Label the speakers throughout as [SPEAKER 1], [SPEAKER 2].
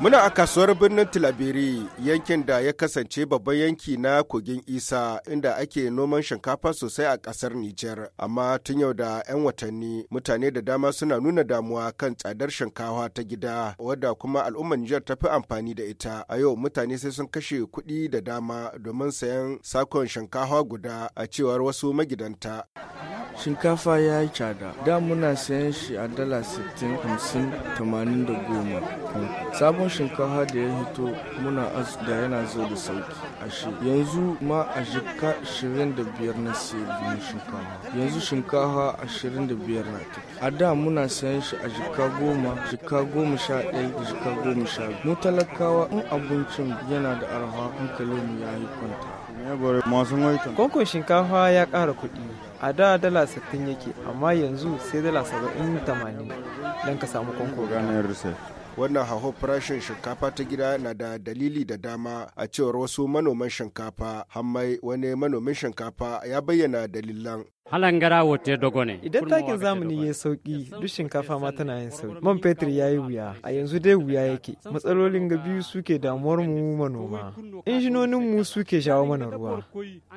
[SPEAKER 1] Muna a kasuwar birnin Tilabiri yankin da ya kasance babban yanki na kogin Isa inda ake noman shinkafa sosai a ƙasar Nijar. Amma tun yau da 'yan watanni mutane da dama suna nuna damuwa kan tsadar shinkafa ta gida wadda kuma al'ummar Nijar ta fi amfani da ita. A yau mutane sai sun kashe kuɗi da dama domin sayan sakon shinkafa guda a cewar wasu magidanta. shinkafa
[SPEAKER 2] ya yi cada da muna sayan shi a dala 60 50 80 da goma sabon shinkafa da ya hito muna da yana zo da sauki shi. yanzu ma a jika 25 na sayan shinkafa yanzu shinkafa 25 na ta a da muna sayan shi a jika goma jika goma sha ɗaya da jika goma sha biyu mu talakawa in abincin yana da arha mu ya yi
[SPEAKER 3] kwanta Kwankwan shinkafa ya ƙara kuɗi. A da dala sittin yake,
[SPEAKER 1] amma yanzu sai dala saba'in tamanin don ka samu kwankwan. wannan haho farashin shinkafa ta gida na da dalili da dama a cewar wasu manoman shinkafa hammai wani manomin shinkafa ya bayyana dalilan Halan gara wote dogone.
[SPEAKER 3] Idan takin zamani ya sauki duk shinkafa ma tana yin sauki. Man fetur ya yi wuya, a yanzu dai wuya yake. Matsalolin ga biyu suke damuwar mu manoma. Injinonin mu suke shawo mana ruwa.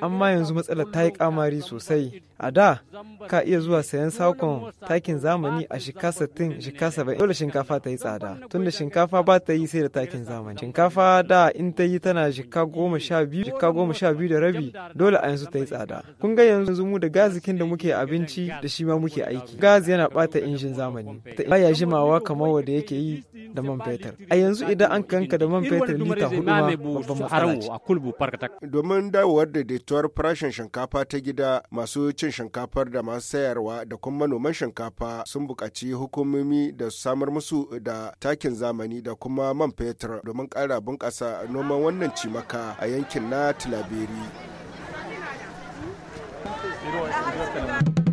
[SPEAKER 3] Amma yanzu matsalar ta yi kamari sosai. A da ka iya zuwa sayan sakon takin zamani a shika 60, shika 70. Dole shinkafa ta yi tsada. Tunda shinkafa ba ta yi sai da takin zamani. Shinkafa da in ta yi tana shika goma sha biyu, shika goma sha biyu da rabi. Dole a yanzu ta yi tsada. Kun ga yanzu mu da gazi arzikin da muke abinci da shi ma muke aiki gas yana bata injin zamani ba ya jimawa kamar wanda yake yi da man fetur a yanzu idan an kanka da man fetur lita hudu ma babban matsala
[SPEAKER 1] ce domin dawowar daidaituwar farashin shinkafa ta gida masu cin shinkafar da masu sayarwa da kuma manoman shinkafa sun buƙaci hukumomi da samar musu da takin zamani da kuma man fetur domin ƙara bunƙasa noman wannan cimaka a yankin na tilaberi Zero